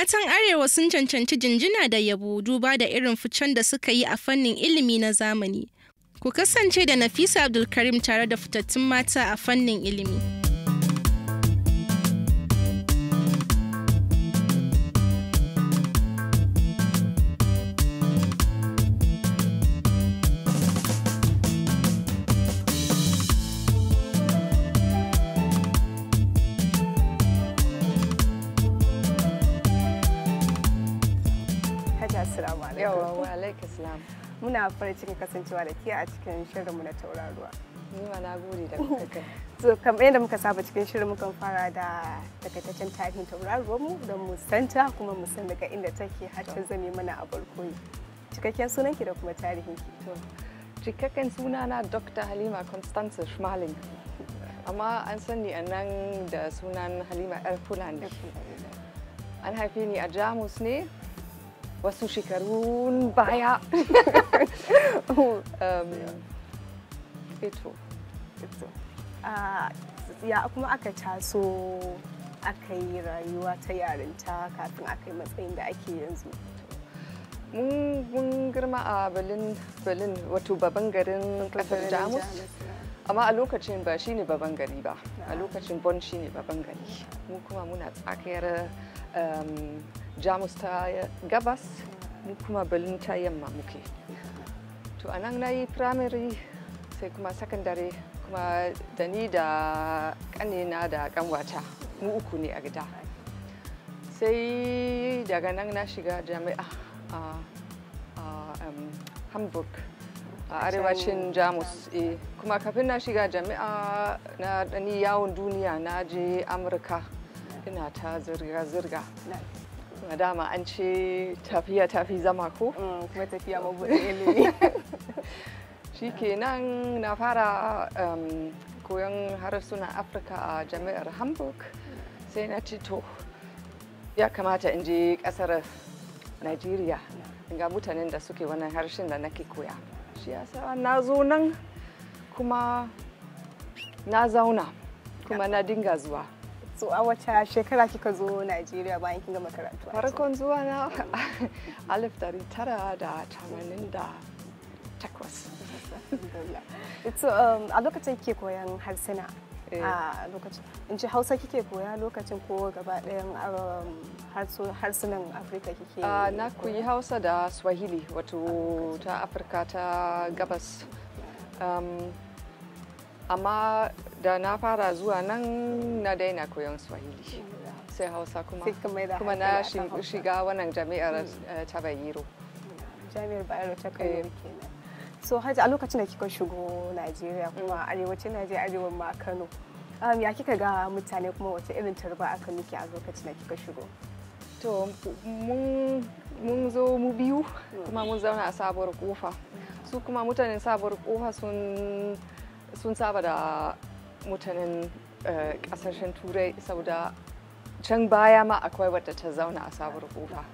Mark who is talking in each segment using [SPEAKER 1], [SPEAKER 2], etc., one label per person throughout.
[SPEAKER 1] Matan Arewa sun cancanci jinjina da yabo duba da irin ficen da suka yi a fannin ilimi na zamani. Ku kasance da Nafisa Abdulkarim tare da fitattun mata a fannin ilimi. muna farin cikin kasancewa da ke a cikin shirinmu na tauraruwa. Ni na gode da kuka So kamar yadda muka saba cikin shirin muka fara da takaitaccen tarihin mu don mu san kuma mu san daga inda take har ta zame mana a barkoyi.
[SPEAKER 2] Cikakken sunan ki da kuma tarihin ki. Cikakken suna na Dr. Halima Constance Schmaling. Amma an sani a nan da sunan Halima 'yar Fulani. An haife ni a Jamus ne wasu shekarun baya um, eto
[SPEAKER 1] ah, ya kuma aka taso akai rayuwa ta yarinta kafin akai matsayin da ake yanzu
[SPEAKER 2] mun girma a berlin berlin wato babban garin kasar jamus amma a lokacin ba shine babban gari ba a ah. lokacin bon shine babban gari mu kuma muna tsakiyar um, jamus ta gabas mu kuma berlin ta yamma muke to a nan na yi primary sai kuma secondary kuma da ni da kanina da kanwata mu uku ne a gida sai daga nan na shiga jami'a a hamburg a arewacin jamus e, kuma kafin na shiga jami'a na dani yawon duniya na je amurka ina ta zirga-zirga dama an ce tafiya tafi zama ko mm, kuma tafiya mabuɗin ilimi shikenan na fara um, koyon harsunan afirka a jami'ar hamburg sai na ci to ya kamata in je ƙasar najeriya ga mutanen da suke wannan harshen da nake koya shi yasa na zo nan kuma na zauna kuma na dinga zuwa So a wace shekara kika zo Najeriya bayan kin gama karatu? Farkon zuwa na alif dari tara
[SPEAKER 1] da tamanin da takwas. So um, a lokacin kike koyan harsuna eh. a lokacin in ce hausa kike koya lokacin ko gaba ɗayan um, harsunan afirka kike na koyi
[SPEAKER 2] hausa da swahili wato ta afirka ta gabas um, amma da na fara zuwa nan na daina koyon swahili sai hausa kuma kuma na shiga wannan jami'ar eh, ta bayero
[SPEAKER 1] jami'ar bayero ta kayo eh. kenan so hajji a lokacin da kika shigo najeriya kuma arewacin najeriya arewa ma kano um, ya kika ga mutane kuma wata irin tarba aka miki a lokacin
[SPEAKER 2] da kika shigo to mun zo mu biyu kuma mun zauna a sabuwar kofa su kuma mutanen sabuwar kofa sun sun saba da mutanen kasashen turai saboda can baya ma akwai wadda ta zauna a sabuwar kofa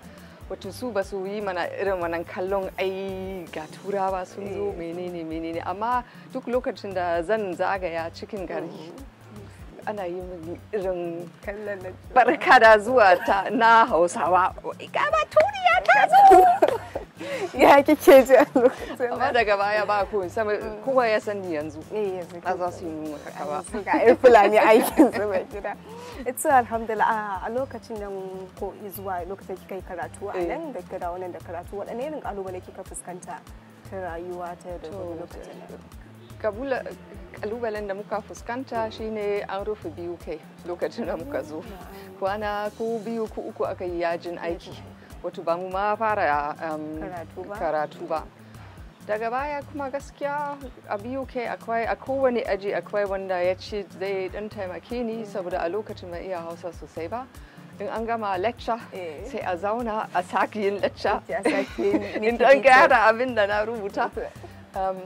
[SPEAKER 2] wato su ba su yi mana irin wannan kallon ai ga turawa sun zo eh. menene menene amma duk lokacin da zan zagaya cikin gari mm. ana yi min irin barka da zuwa ta na hausawa ga ba turiya ta zo ya kike ji a lokacin amma daga baya ba ku sama mm. kowa ya sani yanzu eh, ba za su yi mun haka ba ga ai fulani aikin su mai gida
[SPEAKER 1] ita alhamdulillah a lokacin nan ko zuwa lokacin kika yi karatu a eh. nan da kira wannan da karatu waɗanne irin kalubale
[SPEAKER 2] kika fuskanta ta rayuwa ta da lokacin kabula kalubalen da muka fuskanta shine an rufe biyu kai lokacin da muka zo kwana ko biyu ku uku aka yi yajin aiki wato ba mu ma fara um, karatu ba daga baya kuma gaskiya a biyu kai akwai a kowane aji akwai wanda ya ce zai dan taimake ni hmm. saboda a lokacin mai iya hausa sosai ba in an gama lecture eh. sai a zauna a sake yin lecture in don gyara abin da na rubuta um,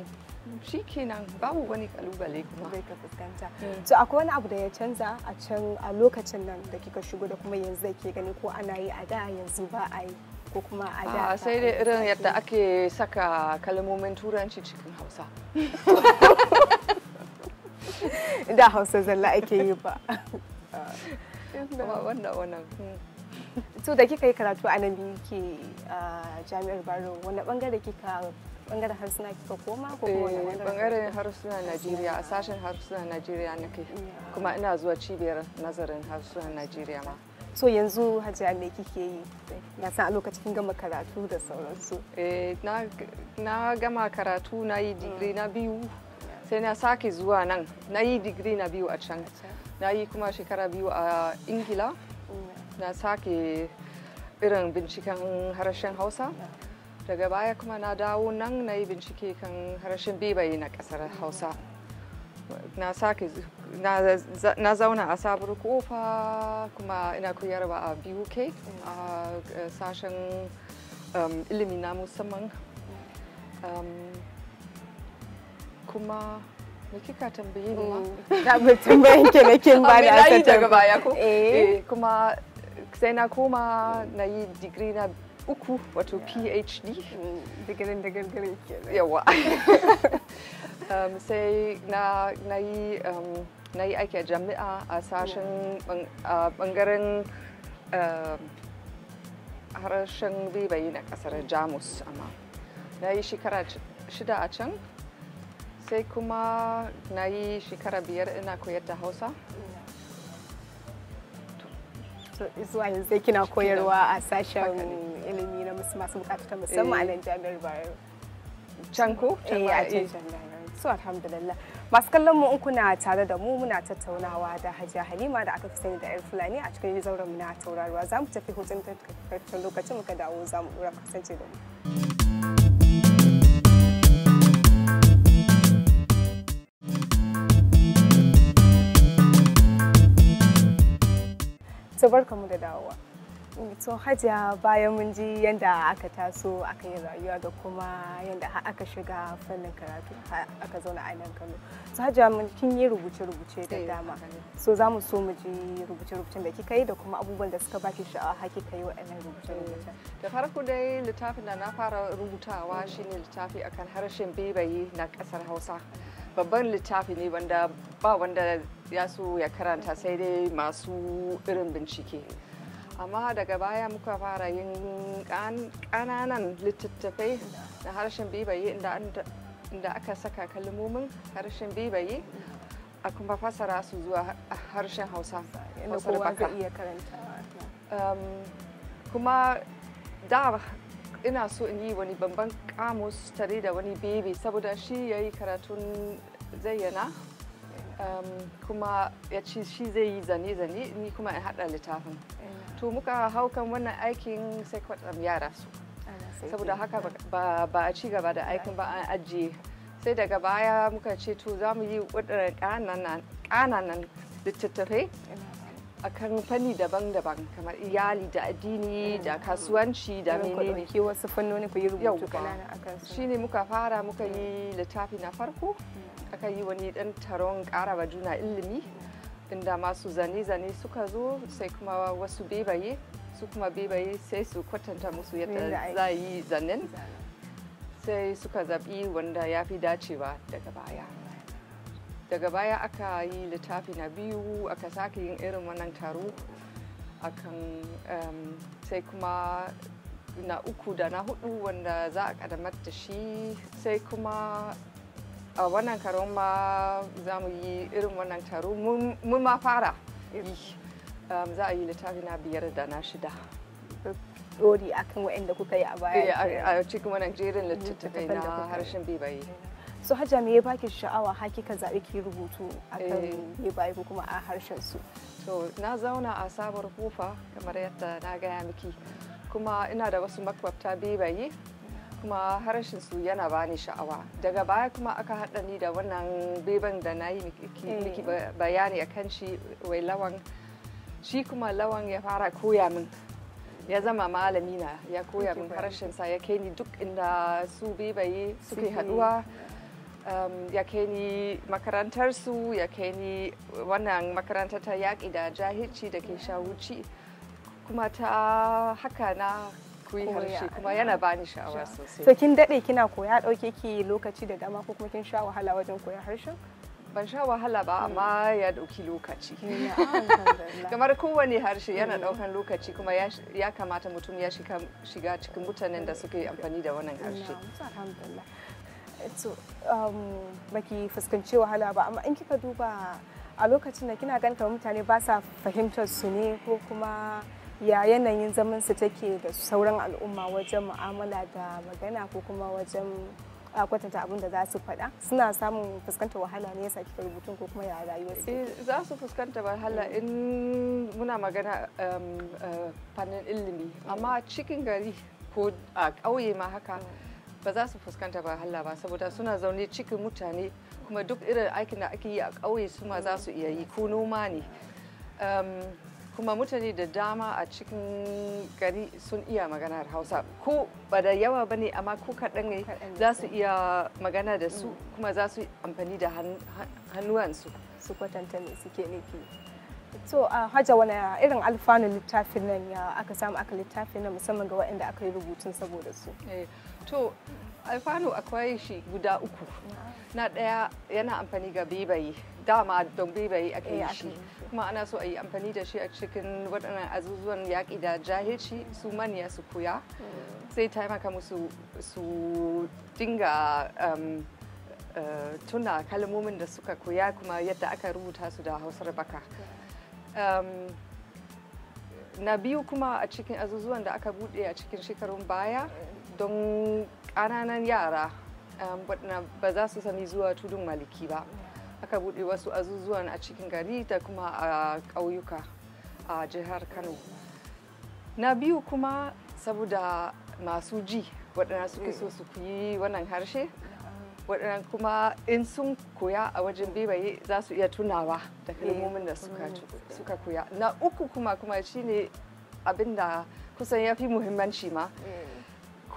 [SPEAKER 2] shi kenan babu wani kalubale kuma zai fuskanta to
[SPEAKER 1] mm. akwai wani abu da ya canza a can a lokacin nan da kika shigo da kuma
[SPEAKER 2] yanzu da ke gani ko ana yi a da yanzu ba a yi ko kuma a da ah, sai dai irin yadda ake saka kalmomin turanci cikin hausa da hausa zalla ake yi ba wannan mm.
[SPEAKER 1] to da kika yi karatu a nan ke ah, jami'ar Barrow wani bangare kika Ɓangaren harsuna kika koma ko kuma eh, bangaren
[SPEAKER 2] harsunan Najeriya a sashen harsunan Najeriya nake mm. kuma ina zuwa cibiyar nazarin harsunan Najeriya ma so yanzu hajiya me kike yi na san a lokacin gama karatu da sauransu eh na gama karatu na yi mm. digiri na biyu sai na sake zuwa nan na yi digiri na biyu a can na yi kuma shekara biyu a ingila mm. na sake irin binciken harshen hausa daga baya kuma na dawo nan na yi bincike kan harshen bibayi na kasar hausa na sake na zauna a sabuwar kofa kuma ina koyarwa a buk a sashen um, ilimi na musamman um, kuma me kika tambaye ni mm. na da ba ke na kin ba ah, da aka daga baya ko eh. eh kuma sai na koma na yi digiri na uku wato phd digirin da gargarin ke yawa sai na yi um, na yi aiki a jami'a a sashen bangaren um, harshen bibayi na kasar jamus amma na yi shekara shida a can sai kuma na yi shekara biyar ina koyar da hausa
[SPEAKER 1] zuwa yanzu kina koyarwa a sashen su masu ta musamman a eh. nan jami'ar Bayero. Can ko? So eh, alhamdulillah. Masu kallon mu in na tare da mu muna tattaunawa da Hajiya Halima da aka fi sani da ‘yar Fulani a cikin zauren mu na taurarwa. Za mu tafi hutun tattakaitaccen lokacin muka dawo za mu ɗora kasance da mu. So da dawowa. to hajiya bayan mun ji yadda aka taso aka yi rayuwa da kuma yadda aka shiga fannin karatu aka zauna a nan kano to hajiya mun kin yi rubuce-rubuce da eh, dama so za mu so mu ji rubuce-rubucen da kika yi da kuma abubuwan da suka baki sha'awa
[SPEAKER 2] har ka yi waɗannan eh, rubuce-rubucen da farko dai littafin da na fara rubutawa shine littafi akan harshen bebaye na kasar hausa babban littafi ne wanda ba wanda ya so ya karanta sai dai masu irin bincike amma daga baya muka fara yin ƙananan littattafai na harshen bibayi inda aka saka kalmomin harshen bibayi a kuma fasara su zuwa harshen hausa kowa iya
[SPEAKER 1] karanta
[SPEAKER 2] kuma da ina so in yi wani babban kamus tare da wani bebe saboda shi ya yi karatun zayyana Ähm, kuma ya ci shi zai yi zane-zane ni kuma in haɗa littafin to muka hau kan wannan aikin sai kwatsam um, yara su saboda haka ba a ci gaba da aikin ba an ajiye sai daga baya muka ce to za mu yi ƙudurin ƙananan littattafai a kan fanni daban-daban kamar iyali da addini da kasuwanci da menene ke wasu fannoni ku yi rubutu kanana akan su shine muka fara muka yi littafi na farko aka yi wani dan taron wa juna ilimi inda masu zane-zane suka zo sai kuma wasu bebaye su kuma bebaye sai su kwatanta musu yadda za yi zanen sai suka zaɓi wanda ya fi dacewa daga baya daga baya aka yi littafi na biyu aka sake yin irin wannan taro akan um, sai kuma na uku da na hudu wanda za a kadamar da shi sai kuma a wannan karon ma za mu yi irin wannan taro mun ma fara iri um, za a yi littafi na biyar da na shida dori akan waɗanda kuka yi a baya eh, a cikin wannan
[SPEAKER 1] jerin littattafai na harshen bibaye. so hajja me ya baki sha'awa hakika zaɓi ki rubutu
[SPEAKER 2] akan bebaye eh. ko kuma a harshen su to na zauna a sabuwar kofa kamar yadda na gaya miki kuma ina da wasu makwabta bibaye. kuma harshen su yana bani sha'awa daga baya kuma aka haɗa ni da wannan beban da na yi miki eh. bayani a kan shi wai lawan shi kuma lawan ya fara koya min ya zama malami na ya koya min harshen sa ya kai duk inda su bebaye suke haɗuwa um, ya kai ni makarantar su ya kai wannan makarantar ta yaƙi da jahilci da ke shawuci kuma ta haka na ku yi harshe kuma yana bani sha'awa sosai so kin
[SPEAKER 1] dade kina koya dauke ki lokaci da dama ko kuma kin sha wahala wajen koyar harshen ban sha
[SPEAKER 2] wahala ba amma hmm. ya dauki lokaci kamar kowane harshe yana daukan hmm. lokaci kuma ya kamata mutum ya shiga cikin mutanen da suke amfani da wannan harshe to um,
[SPEAKER 1] baki fuskanci wahala ba amma in kika duba a lokacin da kina ganin kamar mutane ba sa fahimtar su ne ko kuma ya yanayin zaman su take da sauran al'umma wajen mu'amala da magana ko kuma wajen ah, kwatanta abin da za su faɗa suna samun fuskanta wahala ne yasa kika rubutun
[SPEAKER 2] ko kuma ya rayuwa su eh, za su fuskanta wahala in muna magana um, eh, fannin ilimi amma mm. cikin gari ko a ƙauye ma haka mm. ba za su fuskanta wahala ba saboda suna zaune cikin mutane kuma duk irin aikin da ake yi a kauye su ma za su iya yi ko noma ne um, kuma mutane da dama a cikin gari sun iya maganar hausa ko ba da yawa ba ne amma ko kaɗan ne za su iya magana da su kuma za su amfani da hannuwansu su kwatanta ne suke nufi
[SPEAKER 1] to a haja wani irin alfanun littafin
[SPEAKER 2] nan ya aka samu aka littafin nan musamman ga waɗanda aka yi rubutun saboda su eh, to alfanu akwai shi guda uku na ɗaya yana amfani ga bebaye dama don bebayi aka eh, yi shi kuma ana so a yi amfani da shi a cikin waɗannan azuzuwan yaƙi da jahilci su manya su kuya sai mm. taimaka musu su dinga um, eh, tuna kalmomin da suka koya kuma yadda aka rubuta su da hausar baka um, na biyu kuma a cikin azuzuwan da aka buɗe a cikin shekarun baya don ƙananan yara um, ba za su sani zuwa tudun maliki ba aka buɗe wasu azuzuwan a cikin gari da kuma a ƙauyuka a jihar kano na biyu kuma saboda masu ji waɗanda suke so mm. su yi wannan harshe mm. waɗanda kuma in sun koya a wajen bebaye za su iya tunawa da eh, kalmomin da suka koya na uku kuma kuma shine abinda kusan ya fi muhimmanci ma eh.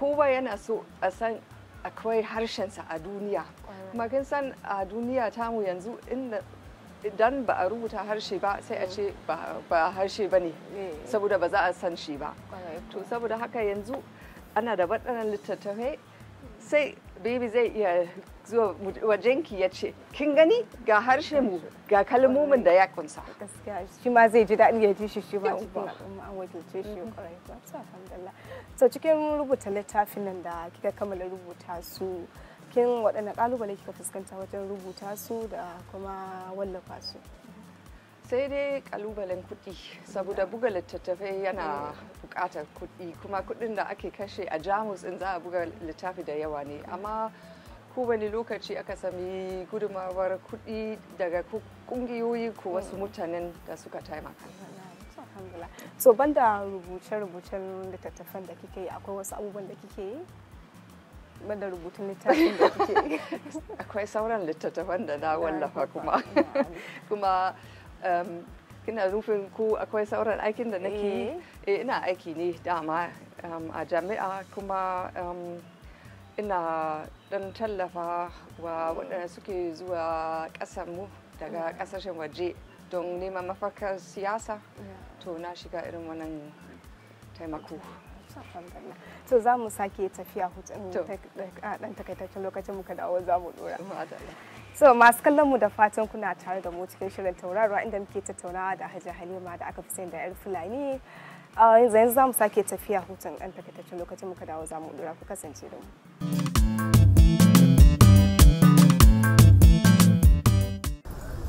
[SPEAKER 2] kowa yana so a san akwai harshensa a duniya kuma kin san a duniya tamu yanzu inda idan ba a rubuta harshe ba sai a mm. ce ba harshe ba ne eh. saboda ba za a san shi ba to saboda haka yanzu ana da waɗannan littattafai sai baby zai iya zuwa wajenki ya ce kin gani ga harshe mu ga kalmomin da ya kunsa gaskiya shi ma zai ji daɗi ya ji shi shi ba an
[SPEAKER 1] wakilce shi kwarai ba to alhamdulillah to cikin rubuta littafin nan da kika kammala rubuta su kin waɗanne ƙalubale kika fuskanta wajen rubuta su da kuma
[SPEAKER 2] wallafa su sai dai kalubalen kuɗi saboda buga littattafai yana buƙatar kuɗi kuma kuɗin da ake kashe a jamus in za a buga littafi da yawa ne amma kowane lokaci aka sami gudumawar kuɗi daga ƙungiyoyi ko wasu mutanen da suka taimaka
[SPEAKER 1] so banda rubuce-rubucen littattafan da kike yi akwai wasu abubuwan da kike yi
[SPEAKER 2] banda rubutun littafin da kike yi akwai sauran littattafan da na wallafa kuma kuma kina rufin ku akwai sauran aikin da nake yi ina aiki ne dama a jami'a kuma ina dan tallafa wa waɗanda suke zuwa mu daga ƙasashen waje don neman mafakar siyasa to na shiga irin wannan taimako to za mu
[SPEAKER 1] sake tafiya hutun ɗan takaitaccen lokacin muka dawo za mu dora So masu kallon mu da fatan kuna tare da mu cikin shirin tauraruwa inda muke tattaunawa da Hajji Halima da aka fi san da 'yar Fulani. Yanzu yanzu za mu sake tafiya hutun ɗan takaitaccen lokacin muka dawo za mu ɗora ku kasance da mu.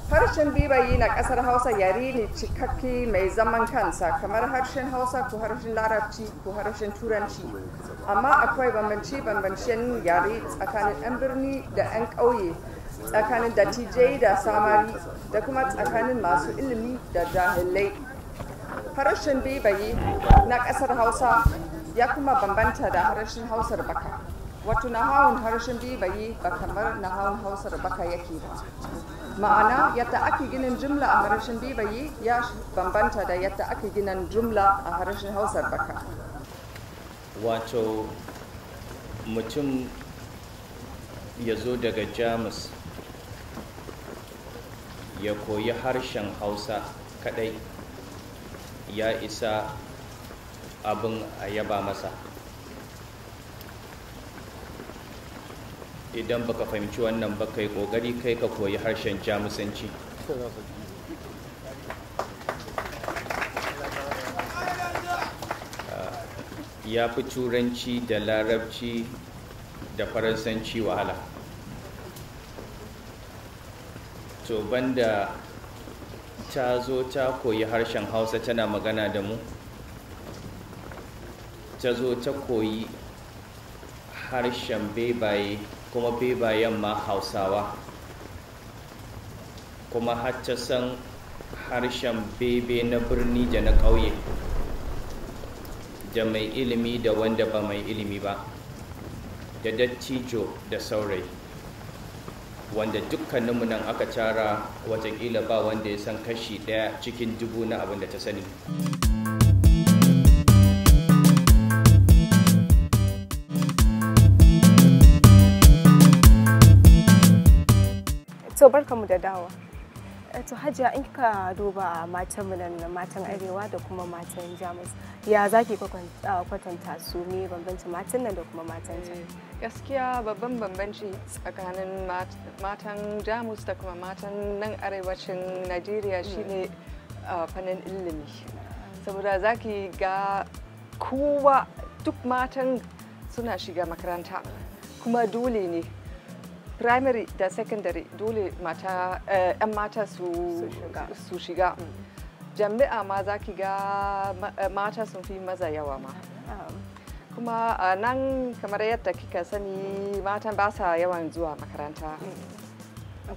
[SPEAKER 2] Harshen bibayi na ƙasar Hausa yare ne cikakke mai zaman kansa kamar harshen Hausa ko harshen Larabci ko harshen Turanci. Amma akwai bambanci bambancen yare tsakanin 'yan birni da 'yan ƙauye tsakanin dattijai da samari da kuma tsakanin masu ilimi da jahilai harashin bebaye na ƙasar hausa ya kuma bambanta da harashin hausar baka wato nahawun harashin bebaye ba kamar nahawun hausar baka yake ba ma'ana yadda ake ginin jumla a harashin bebaye ya bambanta da yadda ake ginin jumla a harashin hausar baka
[SPEAKER 3] wato mutum ya zo daga jamus ya koyi harshen hausa kadai ya isa abin a yaba masa idan baka fahimci wannan bakai, yi kokari kai ka koyi harshen jamusanci ah, ya fi turanci da larabci da faransanci wahala to banda ta zo ta koyi harshen hausa tana magana da mu ta zo ta koyi harshen bebaye kuma bebayen ma hausawa kuma har ta san harshen bebe na birni da na ƙauye da mai ilimi da wanda ba mai ilimi ba da dattijo da saurayi wanda dukkaninmu nan aka cara watakila ba wanda ya san kashi daya cikin dubu na abin da ta sani
[SPEAKER 1] to barkamu da dawa to hajiya in ka duba matan nan matan arewa da kuma matan jamus ya zaki kwatanta su ne bambancin
[SPEAKER 2] matan nan da kuma matan jamus eh, gaskiya babban bambanci tsakanin matan jamus da kuma matan nan arewacin najeriya hmm. shine fannin ilimi saboda zaki ga kowa duk matan suna shiga makaranta kuma dole ne primary da secondary dole mata yan eh, mata su su shiga mm. jami'a ma za ki ga eh, mata sun fi maza yawa ma kuma a nan kamar yadda kika sani matan ba sa yawan zuwa makaranta mm.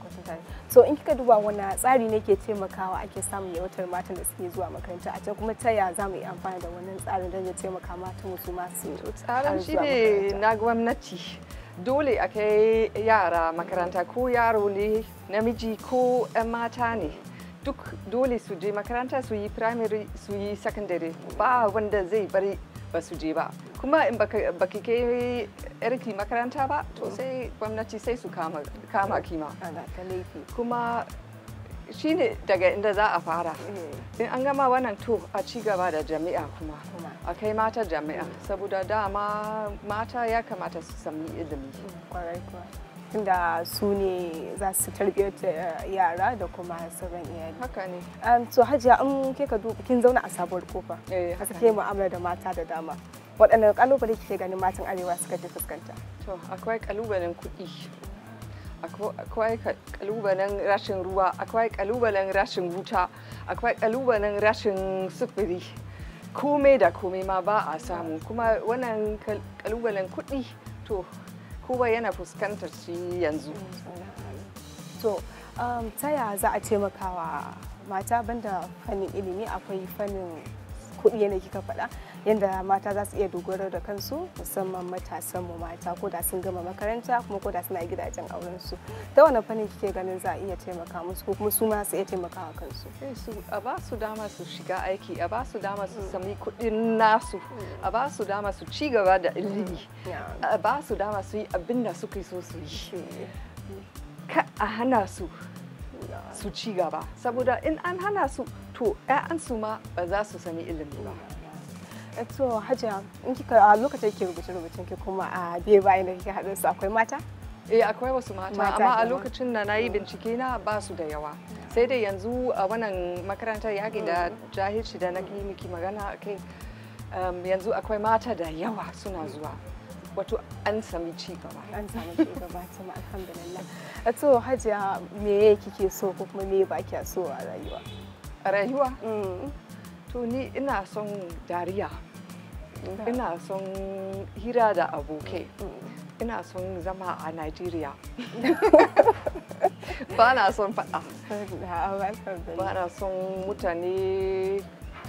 [SPEAKER 1] so in kika duba wani tsari ne ke taimakawa ake samun yawatar matan da suke zuwa makaranta a can kuma ta ya za mu yi amfani da wannan tsarin don ya taimaka matan su masu tsarin shi ne
[SPEAKER 2] na gwamnati dole a kai yara makaranta ko yaro ne namiji ko 'yan mata ne duk dole su je makaranta su yi primary su yi secondary ba wanda zai bari ba su je ba kuma in ba ki kai yarki makaranta ba to mm. sai gwamnati sai su kama kima kuma shine daga inda za a fara mm. in an gama wannan to a ci gaba da jami'a kuma a kai mata jami'a saboda dama mata ya kamata su sami ilimi mm, inda su ne za su tarbiyyar yara da
[SPEAKER 1] kuma sauran iyali. Haka ne. To hajiya an ke ka kin zauna a sabuwar kofa. Eh haka ne. mu'amala da mata da dama. Waɗanne kalubale kike ganin matan arewa suka fi fuskanta? To
[SPEAKER 2] akwai kalubalen kuɗi. akwai kalubalen rashin ruwa akwai kalubalen rashin wuta akwai kalubalen rashin sufuri komai da komai ma ba a samu kuma wannan kalubalen kuɗi to kowa yana fuskantar shi yanzu to
[SPEAKER 1] um, ta yaya za a taimakawa mata banda fannin ilimi akwai fannin kuɗi yana kika faɗa yadda mata za su iya dogaro da kansu musamman matasan mu mata ko da sun gama makaranta kuma ko da suna gidajen auren su ta wani fannin kike ganin za a iya taimaka musu ko kuma
[SPEAKER 2] su ma su iya taimakawa kansu eh, a ba su dama su shiga aiki a ba su dama su sami kuɗin nasu a ba su dama su ci gaba da ilimi a ba su dama su yi abin da suka so su yi ka a hana su su ci gaba saboda in an hana su to 'ya'yansu ma ba za su sami ilimi ba
[SPEAKER 1] Eh, to hajiya in kika a lokacin ke rubuce rubucin ki kuma a biye bayan da kika haɗa su akwai mata
[SPEAKER 2] eh akwai wasu mata amma a lokacin da na yi bincike na ba su da yawa sai dai yanzu a wannan makarantar yaƙi da mm. jahilci da na yi miki magana kai um, yanzu akwai mata da yawa suna zuwa wato an sami ci gaba an sami ci
[SPEAKER 1] gaba ma alhamdulillah
[SPEAKER 2] eh, to hajiya me kike so ko kuma me ba kya so a rayuwa a rayuwa mm. to ni ina son dariya ina son hira da abokai ina son zama a Najeriya. ba na son faɗa ba na son mutane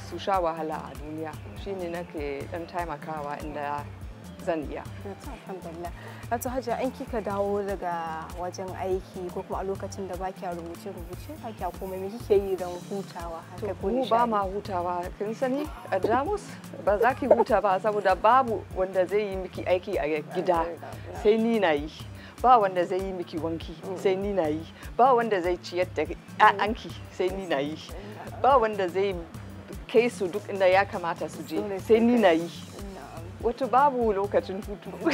[SPEAKER 2] su sha wahala a duniya shine nake dan taimakawa inda zan iya alhamdulillah
[SPEAKER 1] wato hajja an kika dawo daga wajen aiki ko kuma a lokacin da baki a rubuce rubuce
[SPEAKER 2] baki komai me kike yi don hutawa haka ko mu ba ma hutawa kin sani a Jamus ba za ki huta ba saboda babu wanda zai yi miki aiki a gida sai ni na yi ba wanda zai yi miki wanki sai ni na yi ba wanda zai ciyar da anki sai ni na yi ba wanda zai kai su duk inda ya kamata su je sai ni na yi wata babu lokacin hutu to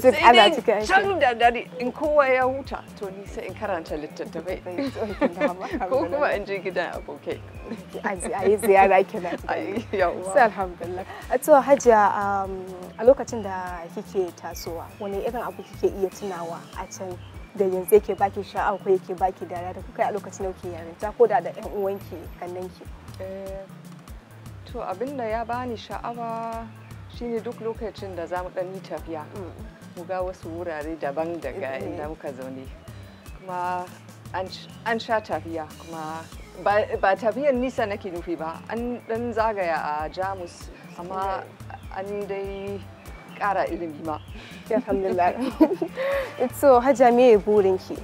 [SPEAKER 2] cikin ana cikin aiki can da dare in kowa ya huta to ni sai in karanta littattafai ko kuma in je gidan abokai a yi ziyara kenan sai
[SPEAKER 1] alhamdulillah to hajiya um, a lokacin da kike tasowa wani irin abu kike iya tunawa a can da yanzu yake baki sha'awa ko yake baki dara da kuka yi a lokacin da kuke
[SPEAKER 2] yarinta ko da da ɗan uwanki kannanki eh, to abin da ya bani sha'awa shine duk lokacin da za mu ɗan yi tafiya mu ga wasu wurare daban daga eh, eh. inda muka zaune kuma an sha tafiya kuma ba tafiyan nisa nake nufi ba an ɗan zagaya a jamus amma an dai ƙara ilimi ma alhamdulillah
[SPEAKER 1] so hajjami burinki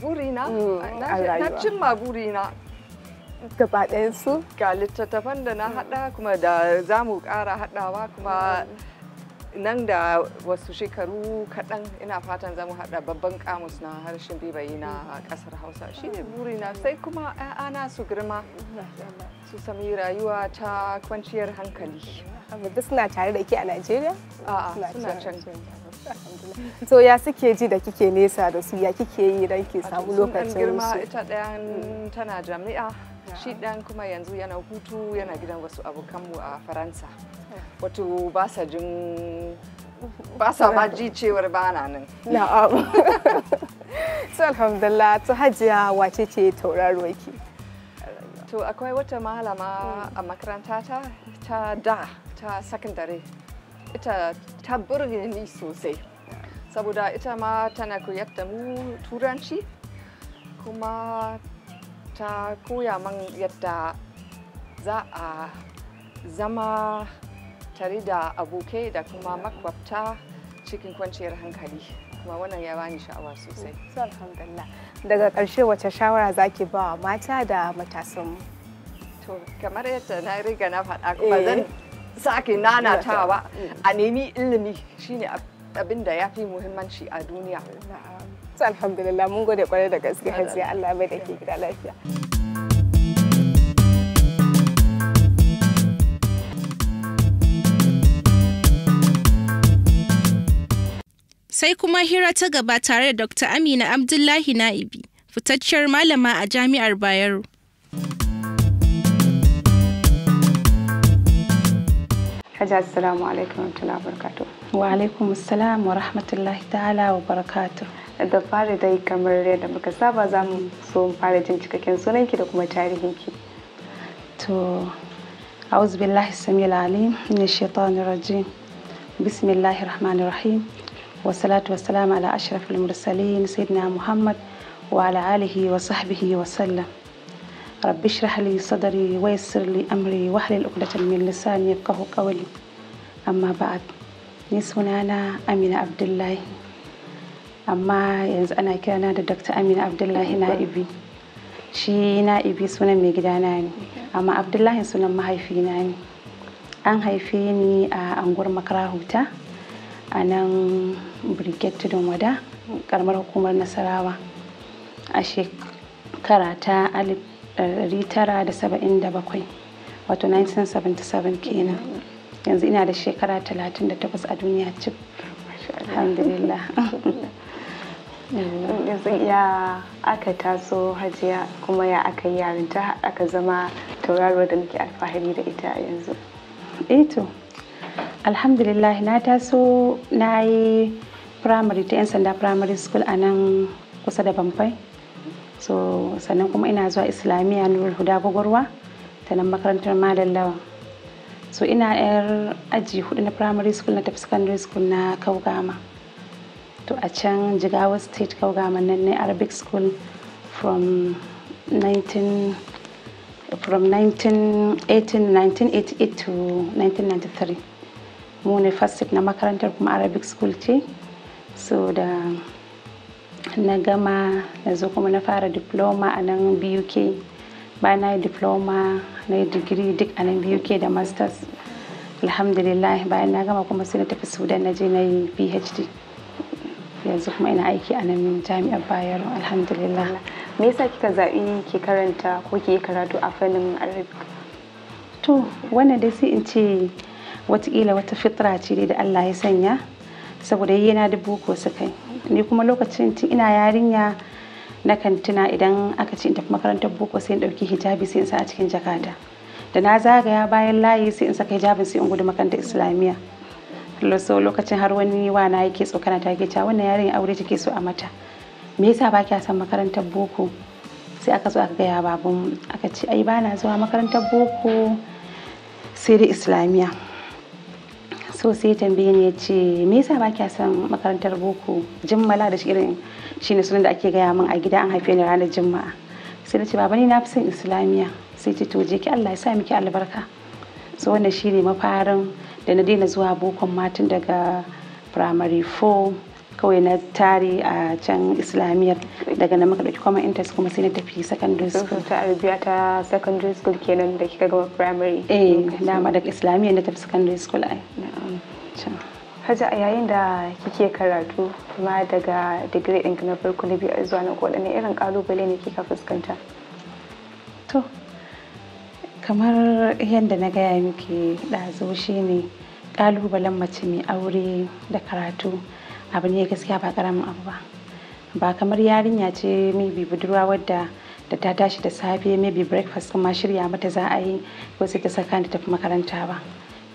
[SPEAKER 2] burina mm, na cimma burina gaba su ga littattafan da na haɗa kuma da za mu ƙara haɗawa kuma nan da wasu shekaru kaɗan ina fatan zamu haɗa babban kamus na harshen bibayi na ƙasar hausa shine burina sai kuma 'ya'yana su girma su sami rayuwa ta kwanciyar hankali duk suna tare da ke a najeriya a'a suna can
[SPEAKER 1] so ya suke ji da kike nesa da su ya kike yi don ki samu lokacin su ita
[SPEAKER 2] ɗayan tana jami'a shi dan kuma yanzu yana hutu yana gidan wasu abokanmu a faransa eh. wato ba sa jin ba sa ma ji cewar ba na nan na'am
[SPEAKER 1] so alhamdulillah to hajiya wace ce tauraro
[SPEAKER 3] ki?
[SPEAKER 2] to akwai wata malama a makaranta ta ta da ta sakandare ita ta burge ni sosai saboda ita ma tana koyar da mu turanci kuma ta koya man yadda za a zama tare da abokai da kuma makwabta cikin kwanciyar hankali kuma wannan ya bani sha'awa sosai
[SPEAKER 1] daga ƙarshe wace shawara zaki ba mata da matasan
[SPEAKER 2] to kamar yadda na riga na faɗa ba eh. zan sake nanatawa a nemi ilimi shine abin da ya fi muhimmanci a duniya alhamdulillah mun gode kwarai da gaske hajiya Allah bai da ke gida lafiya
[SPEAKER 4] Sai
[SPEAKER 1] kuma hira ta gaba tare da Dr. Amina Abdullahi Na'ibi, fitacciyar malama a Jami'ar
[SPEAKER 4] Bayero. Hajji assalamu alaikum wa rahmatullahi wa barakatuh. Wa alaikum wa rahmatullahi ta'ala wa barakatuh.
[SPEAKER 1] da fari dai yi kamar yadda muka saba za mu fara jin cikakken
[SPEAKER 4] sunan da kuma tarihin ki to a'udhu billahi samil alim min shaitanir rajim bismillahir rahmanir rahim wa salatu wassalamu ala ashrafil mursalin sayyidina muhammad wa ala alihi wa sahbihi wa sallam rabbi shrah li sadri wa yassir li amri wa hlil uqdatan min lisani yafqahu qawli amma ba'd ni sunana amina abdullahi amma yanzu ana kirana da dr amina abdullahi na'ibi shi na'ibi sunan mai gidana ne amma abdullahi sunan mahaifina ne an haife ni a anguwar makarahuta a nan brigade tudun wada karamar hukumar nasarawa a shekara ta 1977 wato 1977 kenan yanzu ina da shekara 38 a duniya cif alhamdulillah yanzu
[SPEAKER 1] ya aka taso hajiya kuma ya aka yi yarinta aka zama tauraro da muke alfahari da ita yanzu
[SPEAKER 4] eto eh alhamdulillah na taso na yi primary ta 'yan sanda primary school a nan kusa da bamfai so sannan kuma ina zuwa islamiyya nurul huda gwagwarwa ta nan makarantar malallawa so ina yar aji hudu na primary school na tafi secondary school na kaugama to a can jigawa state kaugaman nan ne arabic school from 19 from 1918 1988 to 1993 mu ne first na makarantar kuma arabic school ce so da na gama zo kuma na fara diploma a nan buk ba na yi diploma na yi digiri duk a nan buk da masters alhamdulillah bayan na gama kuma sai na tafi sudan na je na yi phd yanzu kuma ina aiki a nan jami'ar bayero alhamdulillah me yasa kika zaɓi ki karanta ko ki karatu a fannin arabic to wannan dai sai in ce watakila wata fitra ce da allah ya sanya saboda yana da boko kai ni kuma lokacin tun ina yarinya na kantina idan aka ce in tafi makarantar boko sai in ɗauki hijabi sai in sa a cikin jakata da na zagaya bayan layi sai in saka hijabin sai in gudu makarantar islamiyya so lokacin har wani wana yake tsokana ta take cewa wannan yarin aure take so a mata me yasa ba kya son makarantar boko sai aka zo aka gaya babun aka ce ai bana zuwa makarantar boko sai dai islamiyya so sai tambaye ni ya ce me yasa ba kya son makarantar boko jimmala da irin shine sunan da ake gaya min a gida an haife ni ranar juma'a sai na ce baba ni na fi son islamiyya sai ce to je ki Allah ya sa miki albarka so wannan shine mafarin da na daina zuwa bokon matun daga primary 4 kawai na tare a can islamiyyar daga na maka dauki common interest kuma sai na tafi secondary school ta arabiya ta secondary school kenan da kika gama primary eh dama daga islamiyyar na tafi secondary school
[SPEAKER 1] ai Haja a yayin da kike karatu kuma daga digiri ɗin na farko na biyar zuwa na kowane irin ƙalubale ne kika fuskanta?
[SPEAKER 4] To, kamar yadda na gaya miki ɗazu ne ƙalubalen mace mai aure da karatu abu ne gaskiya ba ƙaramin abu ba ba kamar yarinya ce bi budurwa wadda da ta tashi da safe bi breakfast kuma shirya mata za a yi ko sai ta saka ta tafi makaranta ba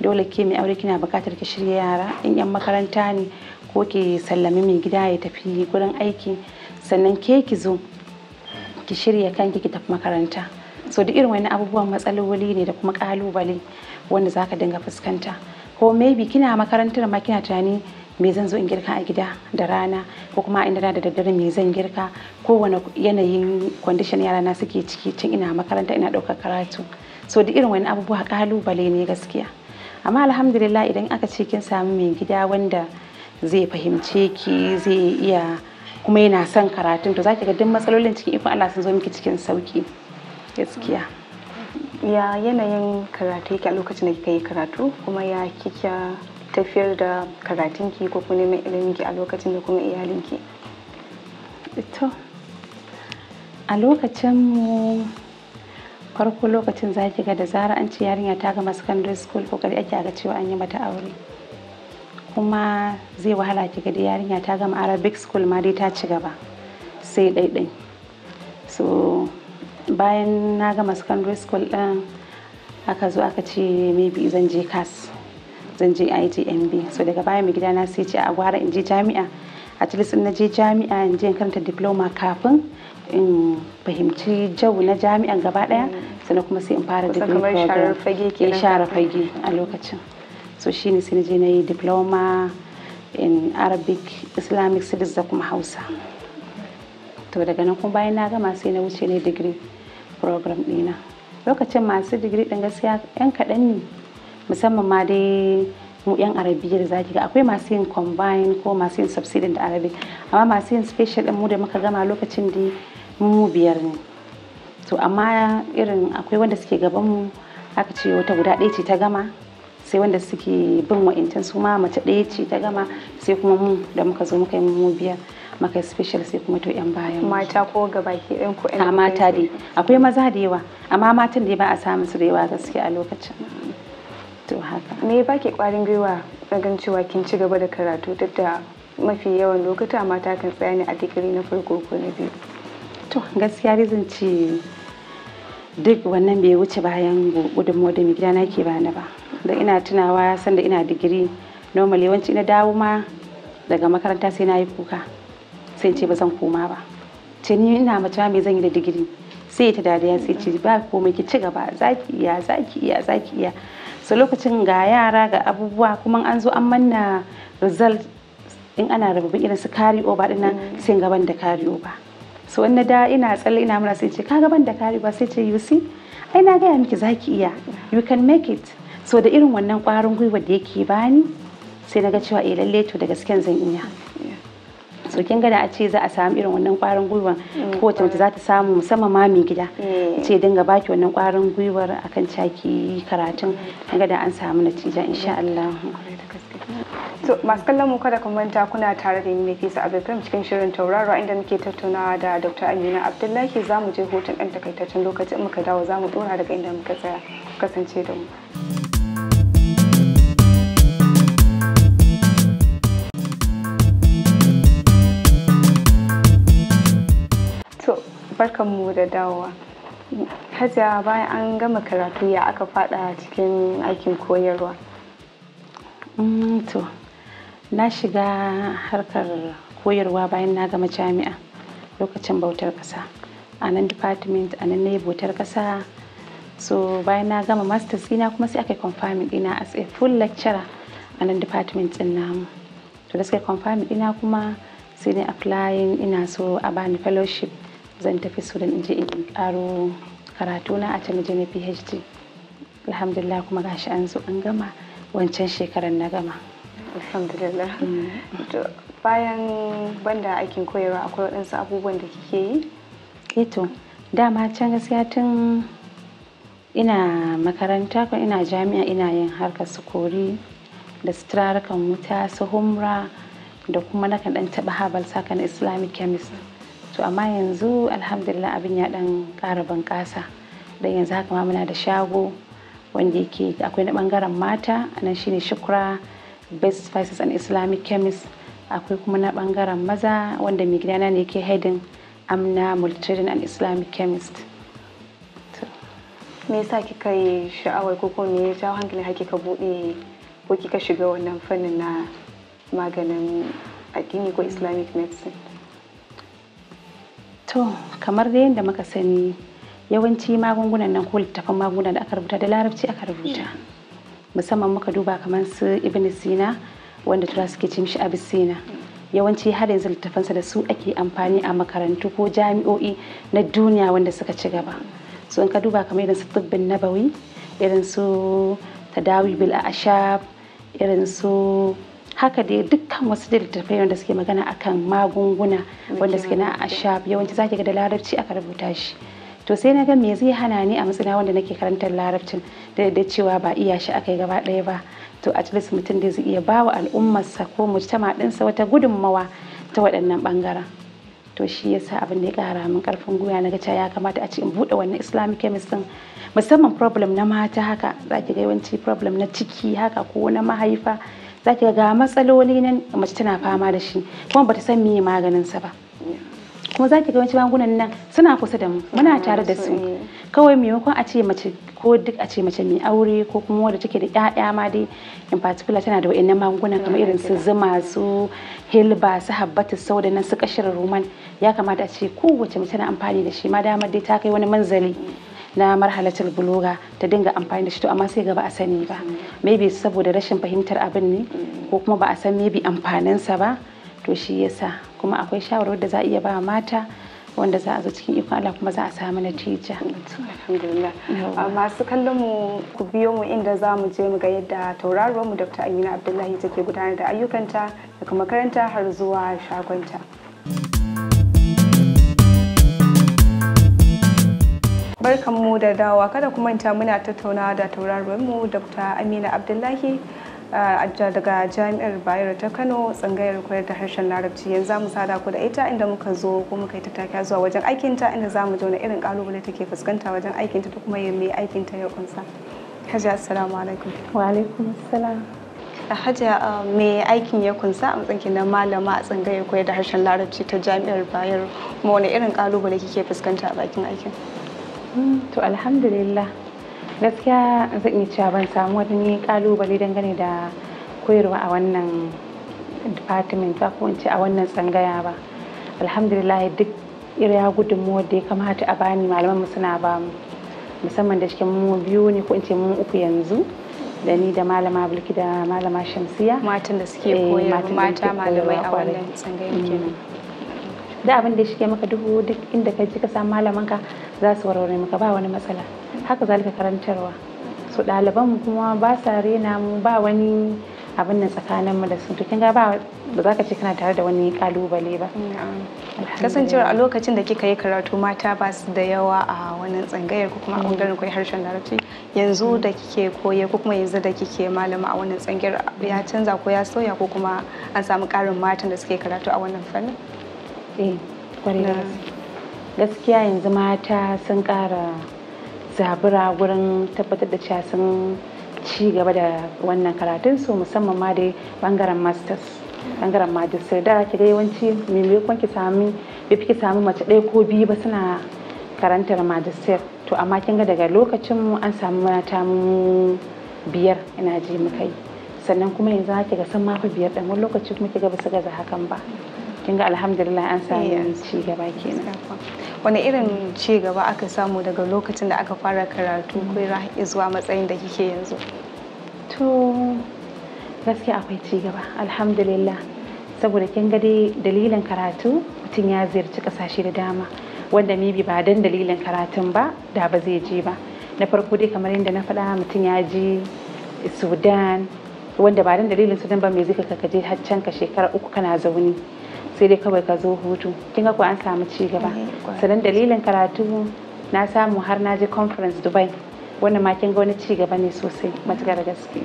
[SPEAKER 4] dole ke mai aure kina buƙatar ki shirya yara in yan makaranta ne ko ki sallami mai gida ya tafi gurin aiki sannan ke ki zo ki shirya kanki ki tafi makaranta so da irin wani abubuwan matsaloli ne da kuma kalubale wanda za ka dinga fuskanta ko maybe kina makarantar ma kina tunani me zan zo in girka a gida da rana ko kuma inda na da daddare me zan girka ko wani yanayin kwandishan yara na suke ciki tun ina makaranta ina ɗaukar karatu so da irin wani abubuwa kalubale ne gaskiya amma alhamdulillah idan aka ce kin samu mai gida wanda zai fahimce ki zai iya kuma yana son karatun to za ki ga duk matsalolin cikin ikon Allah sun zo miki cikin sauki gaskiya
[SPEAKER 1] ya yanayin karatu yake a lokacin da kika yi karatu kuma ya kika tafiyar da karatunki ko kuma neman ki a lokacin da kuma
[SPEAKER 4] iyalinki to a lokacin mu farko lokacin za ki ga da zara an ce yarinya ta gama secondary school ko kare ake ga cewa an yi mata aure kuma zai wahala ki ga da yarinya ta gama arabic school ma dai ta ci gaba sai ɗaiɗai so bayan na gama secondary school din aka zo aka ce maybe zan je kas zan je itmb so daga bayan gida na sai ce a gwara in je jami'a at least na je jami'a in je karanta diploma kafin in fahimci jau na jami'an gaba daya sannan kuma sai in fara degree share fage ke eh, fage a lokacin so shine sai na je na yi diploma in arabic islamic studies da kuma hausa to daga nan kuma bayan na gama sai na wuce ne digiri program dina lokacin masu digiri ɗin gaskiya 'yan kaɗan ne musamman ma dai mu 'yan arabiya da zaki ga akwai masu yin combine ko masu yin subsidin da arabi amma masu yin special ɗin mu da muka gama lokacin da mu biyar ne to amma irin akwai wanda suke gaban mu aka ce wata guda ɗaya ce ta gama sai wanda suke bin wa'intan su ma mace ɗaya ce ta gama sai kuma mu da muka zo muka yi mu biyar maka special sai kuma to yan bayan mata
[SPEAKER 1] ko gabaki ɗin ku a mata dai
[SPEAKER 4] akwai maza da yawa amma matan dai ba a samu su da yawa gaske a lokacin to haka
[SPEAKER 1] me ba ke ƙwarin gwiwa ganin cewa kin ci gaba da karatu duk da mafi yawan lokuta mata kan tsaya ne a digiri na farko ko na biyu
[SPEAKER 4] to gaskiya dai zan ce duk wannan bai wuce bayan gudunmuwa da mai gida na ke bani ba da ina tunawa sanda ina digiri normal yawanci na dawo ma daga makaranta sai na yi kuka sai ce ba zan koma ba ce ni ina mace mai zan yi da digiri sai ta dariya sai ce ba komai ki ci gaba zaki iya zaki iya zaki iya so lokacin ga yara ga abubuwa kuma an zo an manna result in ana rababin irin su carry over dinnan mm. sai gaban da carry over so wanne da ina tsalle ina mura sai ce ka gaban da carry over sai ce you see ai na gaya miki zaki iya you can make it so da irin wannan kwarin gwiwa da yake bani sai na ga cewa eh lalle to da gasken zan iya so kin ga a ce za a samu irin wannan kwarin gwiwar mm, kowace mace za ta samu musamman ma mai gida mm. ce dinga baki wannan kwarin gwiwar akan caki karatun mm. ga da an samu natija insha Allah
[SPEAKER 1] to masu kallon mu kada ku manta kuna tare da ni Nafisa Abdulkarim cikin shirin tauraro inda muke tattaunawa da Dr. Amina Abdullahi zamu je hutun ɗan takaitaccen lokaci in muka dawo zamu dora daga inda muka tsaya kasance da mu mu da dawowa hajiya bayan an gama karatu ya aka fada cikin aikin koyarwa
[SPEAKER 4] mm, to na shiga harkar koyarwa bayan na gama jami'a lokacin bautar ƙasa a nan department a nan na bautar ƙasa so bayan na gama masters ina kuma sai aka yi confirming ina as a full lecturer a nan department ɗin namu to da suka yi confirming ɗina kuma sai ne applying ina so a bani fellowship zan tafi sudan in je in karo karatu na a can je na phd alhamdulillah kuma gashi an zo an gama wancan shekarar na gama alhamdulillah mm. bayan
[SPEAKER 1] banda aikin koyarwa akwai waɗansu abubuwan da kike yi
[SPEAKER 4] keto eh dama can gaskiya tun ina makaranta ko ina jami'a ina yin harkar sukori da sutura kan wuta su humra da kuma nakan ɗan taɓa habal sakan islamic chemist to amma yanzu alhamdulillah abin ya dan kara bunƙasa don yanzu haka ma muna da shago wanda yake akwai na bangaren mata anan shine shukra best spices and islamic chemist akwai kuma na bangaren maza wanda mai gidana ne yake heading amna multitudin and islamic chemist
[SPEAKER 1] me yasa kika yi sha'awar ko kuma me ya jawo hankali haki ka bude ko kika shiga wannan fannin na maganin addini ko islamic
[SPEAKER 4] medicine to kamar da yadda muka sani yawanci magungunan nan ko littafin magunguna da aka rubuta da larabci aka rubuta musamman muka duba kamar su ibn sina wanda tura suke ce mishi abisina yawanci har yanzu littafansa da su ake amfani a makarantu ko jami'o'i na duniya wanda suka ci gaba so in ka duba kamar irin su tubbin nabawi irin su tadawi bil ashab irin su haka dai dukkan wasu littattafai wanda suke magana akan magunguna wanda suke na a shafi yawanci zaki ga da larabci aka rubuta shi to sai na ga me zai hana ni a matsina wanda nake karantar larabcin da da cewa ba iya shi aka yi gaba ɗaya ba to at least mutum da zai iya ba wa al'ummarsa ko mujtama ɗinsa wata gudunmawa ta waɗannan ɓangaren to shi yasa abin da ya ƙara min ƙarfin gwiwa na ga ya kamata a ci in buɗe wannan islamic chemistry musamman problem na mata haka zaki ga yawanci problem na ciki haka ko na mahaifa za ga matsaloli nan mace tana fama da shi kuma bata san meye maganin sa ba kuma za ga wancan magungunan nan suna kusa da mu muna ah, tare da su kawai maimakon a ce mace ko duk a ce mace mai aure ko kuma wadda take da ƴaƴa ma dai in particular tana da wa'annan magungunan kamar irin su zuma su hilba su habbatu sau da nan su kashin roman ya kamata a ce kowace mace tana amfani da shi ma damar dai ta kai wani manzali na marhalatar buluga ta dinga amfani da shi to amma sai gaba a sani ba maybe saboda rashin fahimtar abin ne ko kuma ba a san maybe sa ba to shi yasa kuma akwai shawarar da za a iya ba mata wanda za a zo cikin ikon Allah kuma za a samu natija.
[SPEAKER 1] Ah, masu kallon mu ku biyo mu inda za mu je mu ga yadda tauraruwar mu Dr. Amina Abdullahi take gudanar da ayyukanta daga makaranta har zuwa shagonta. barkan mu da dawa kada kuma manta muna tattauna da mu dr amina abdullahi daga jami'ar bayero ta kano tsangayar koyar da harshen larabci yanzu za mu sada ku da ita inda muka zo ko muka yi tattakiya zuwa wajen aikinta inda za mu zauna irin kalubale take fuskanta wajen aikinta da kuma yin mai aikinta ya kunsa hajiya assalamu alaikum wa alaikum assalam hajiya mai aikin ya kunsa a matsayin na malama a tsangayar koyar da harshen larabci ta jami'ar bayero kuma wani irin kalubale kike fuskanta a bakin aikin
[SPEAKER 4] Mm, to alhamdulillah gaskiya zan yi cewa ban samu wani kalubale dangane da koyarwa a wannan department ba ko in ce a wannan tsangaya ba alhamdulillah duk irin gudunmu da ya kamata a bani malaman mu suna ba mu musamman da cikin mu biyu ne ko in ce mu uku yanzu da ni da malama bulki da malama shamsiya matan da suke koyarwa eh, mata malamai a wannan tsangayar kenan mm. da abin da shige maka duhu duk inda ka ji ka samu malaman ka za su warware maka ba wani matsala haka zalika karantarwa su ɗaliban mu kuma ba sa rena mu ba wani abin nan tsakanin mu da su to kin ga ba ba za ka ce kana tare da wani kalubale ba kasancewar a lokacin da kika yi karatu mata ba su da yawa a wannan
[SPEAKER 1] tsangayar ko kuma a bangaren koyi harshen larabci yanzu da kike koye ko kuma yanzu da kike malama a wannan tsangayar ya canza ko ya sauya ko kuma an samu karin matan da suke karatu a wannan fannin
[SPEAKER 4] Eh, gaskiya yanzu mata sun kara zabura wurin tabbatar da cewa sun ci gaba da wannan karatun su musamman ma dai bangaren masters bangaren majistar da ki da yawanci maimakon ki sami fi ki sami mace ɗaya ko biyu ba suna karantar majistar to amma kin ga daga lokacin mu an samu mata mu biyar ina ji mu kai sannan kuma yanzu ake ga san mafi biyar ɗan wani lokaci kuma ki ga ba su gaza hakan ba kin ga alhamdulillah an samu ci gaba kenan wani irin ci gaba aka samu daga
[SPEAKER 1] lokacin da aka fara karatu kai zuwa matsayin da kike yanzu
[SPEAKER 4] to gaskiya akwai ci gaba alhamdulillah saboda kin ga dai dalilin karatu mutum ya ziyarci kasashe da dama wanda mibi ba dan dalilin karatun ba da ba zai je ba na farko dai kamar yadda na faɗa mutum ya je sudan wanda ba dan dalilin sudan ba mai zika ka je har can ka shekara uku kana zaune sai dai kawai ka zo hutu kin ga ko an samu ci gaba eh, sanan dalilin karatu na samu har na je conference dubai wannan ma kin ga wani ci gaba ne sosai matuƙar gaske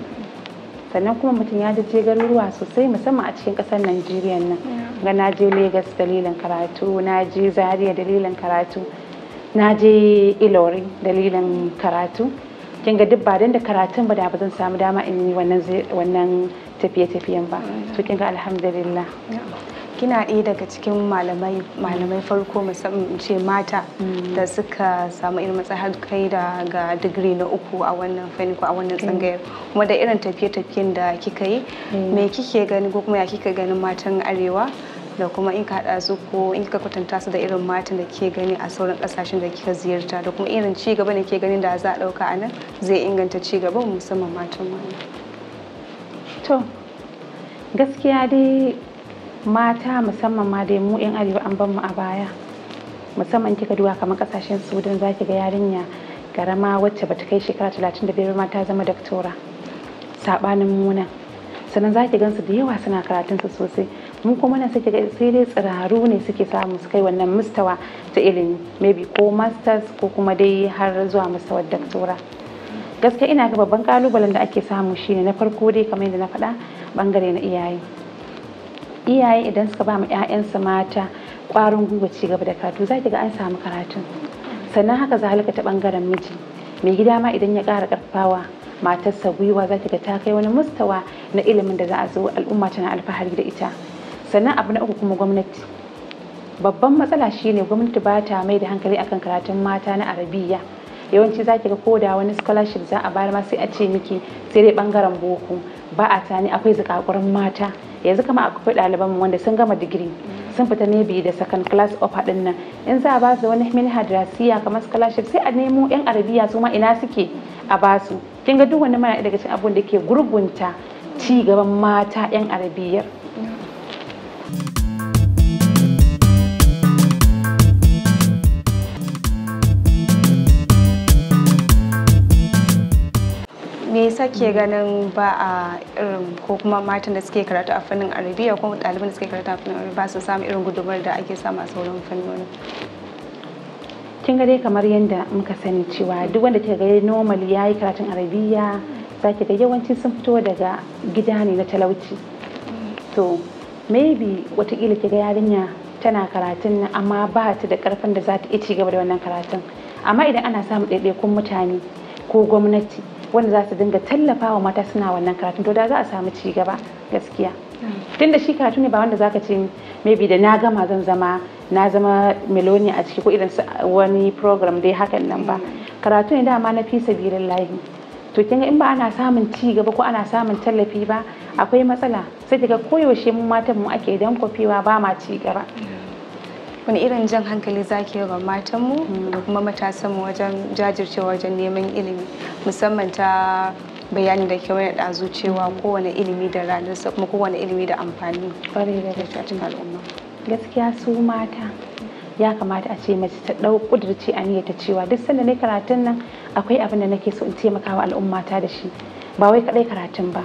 [SPEAKER 4] sannan kuma mutum ya je garuruwa sosai musamman a cikin ƙasar najeriya nan ga na je lagos dalilin karatu na je zaria dalilin karatu na je ilori dalilin karatu kin ga duk ba dan da karatun ba da ba zan samu dama in yi wannan tafiye-tafiyen ba to kin ga alhamdulillah kina ɗaya
[SPEAKER 1] daga cikin malamai farko musamman ce mata mm. da suka samu irin matsahar kai da ga digiri na uku a wannan fanni ko a wannan mm. tsangayar kuma da irin tafiye-tafiyen da kika yi mm. me kike gani ko kuma ya kika gani matan arewa da kuma in ka haɗa su ko in ka kwatanta su da irin matan da ke gani a sauran ƙasashen da kika ziyarta da kuma irin ci gaba da ke ganin da za a ɗauka a nan zai inganta ci gaban musamman matan wani.
[SPEAKER 4] to gaskiya dai mata musamman ma dai mu 'yan arewa an ban mu a baya musamman kika duba kamar kasashen sudan za ki ga yarinya garama wacce bata kai shekara talatin da biyar ma ta zama daktora Saɓanin muna sannan za ki gansu da yawa suna karatun su sosai Mun kuma na sai ga sai dai tsiraru ne suke samu su kai wannan mustawa ta ilimi maybe ko masters ko kuma dai har zuwa mustawar daktora gaskiya ina ga babban kalubalen da ake samu shine na farko dai kamar yadda na faɗa bangare na iyaye iyaye idan suka ba mu 'ya'yansu mata ƙwarin gwiwa ci gaba da karatu za ki ga an samu karatun sannan haka za ta bangaren miji mai gida ma idan ya ƙara ƙarfawa matarsa gwiwa za ki ga ta kai wani mustawa na ilimin da za a zo al'umma tana alfahari da ita sannan abu na uku kuma gwamnati babban matsala shine gwamnati ba ta mai da hankali akan karatun mata na arabiya yawanci za ki ga ko da wani scholarship za a bayar ma sai a ce miki sai dai bangaren boko ba a tani akwai zakakurin mata yanzu kama akwai ɗaliban wanda sun gama digiri sun fita ne bi da second class of haɗin nan in za a ba wani mini hadrasiya kamar scholarship sai a nemo yan arabiya su ma ina suke a basu kin ga duk wani mana daga cikin abun da ke gurgunta ci gaban mata yan arabiyar.
[SPEAKER 1] me yasa ke ganin ba a irin ko kuma matan da suke karatu a fannin arabiya ko ɗaliban da suke karatu a fannin arabiya ba su samu irin gudumar da ake samu a sauran fannoni
[SPEAKER 4] kin ga dai kamar yadda muka sani cewa duk wanda kika ga normal ya yi karatun arabiya ki ga yawanci sun fito daga gida ne na talauci to maybe watakila ga yarinya tana karatun nan amma ba ta da karfin da za ta iya cigaba da wannan karatun amma idan ana samun ɗaiɗaikun mutane ko gwamnati wanda za su dinga tallafawa mata suna wannan karatun to da za a samu ci gaba gaskiya tun da shi karatu ne ba wanda za ka ce maybe da na gama zan zama na zama miloni a ciki ko irin wani program dai hakan nan ba karatu ne dama na fi sabirin layi to kinga in ba ana samun ci gaba ko ana samun tallafi ba akwai matsala sai daga koyaushe mu matan mu ake dan kwafewa ba ma ci gaba wani irin jan hankali zaki ga matanmu da kuma matasanmu wajen
[SPEAKER 1] jajircewa wajen neman ilimi musamman ta bayani da ke wani ɗazu cewa kowane ilimi da ranarsa kuma kowane ilimi da amfani da cikin al'umma
[SPEAKER 4] gaskiya su mata ya kamata a ce mace ta ɗau ƙudurci a niyyar ta cewa duk sanda na karatun nan akwai abin da nake so in taimakawa wa ta da shi ba wai kaɗai karatun ba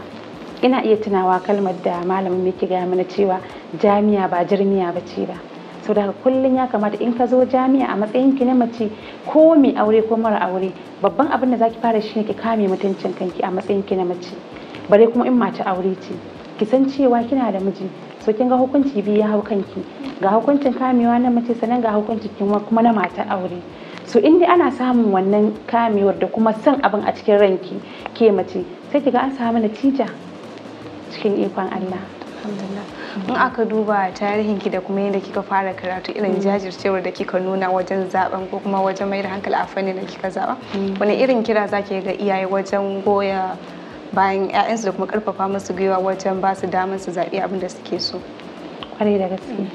[SPEAKER 4] ina iya tunawa kalmar da malamin ke gaya mana cewa jami'a ba jirmiya ba ce ba so da kullum ya kamata in ka zo jami'a a matsayin ki na mace ko mai aure ko mara aure babban abin da zaki fara shine ki kame mutuncin kanki a matsayin ki na mace bare kuma in mace aure ce ki san cewa kina da miji so kin ga hukunci biyu ya hau kanki ga hukuncin kamewa na mace sannan ga hukuncin kuma na mata aure so in dai ana samun wannan kamewar da kuma son abin a cikin ranki ke mace sai ki ga an samu natija cikin ikon Allah alhamdulillah in
[SPEAKER 1] aka duba tarihin ki da kuma yadda kika fara karatu irin jajircewar da kika nuna wajen zaben ko kuma wajen mai da hankali a fannin da kika zaba mm. wani irin kira zaki ga iyaye wajen goya bayan 'ya'yansu da kuma
[SPEAKER 4] karfafa musu gwiwa wajen ba su damar su zaɓi abin da suke so kwarai da gaske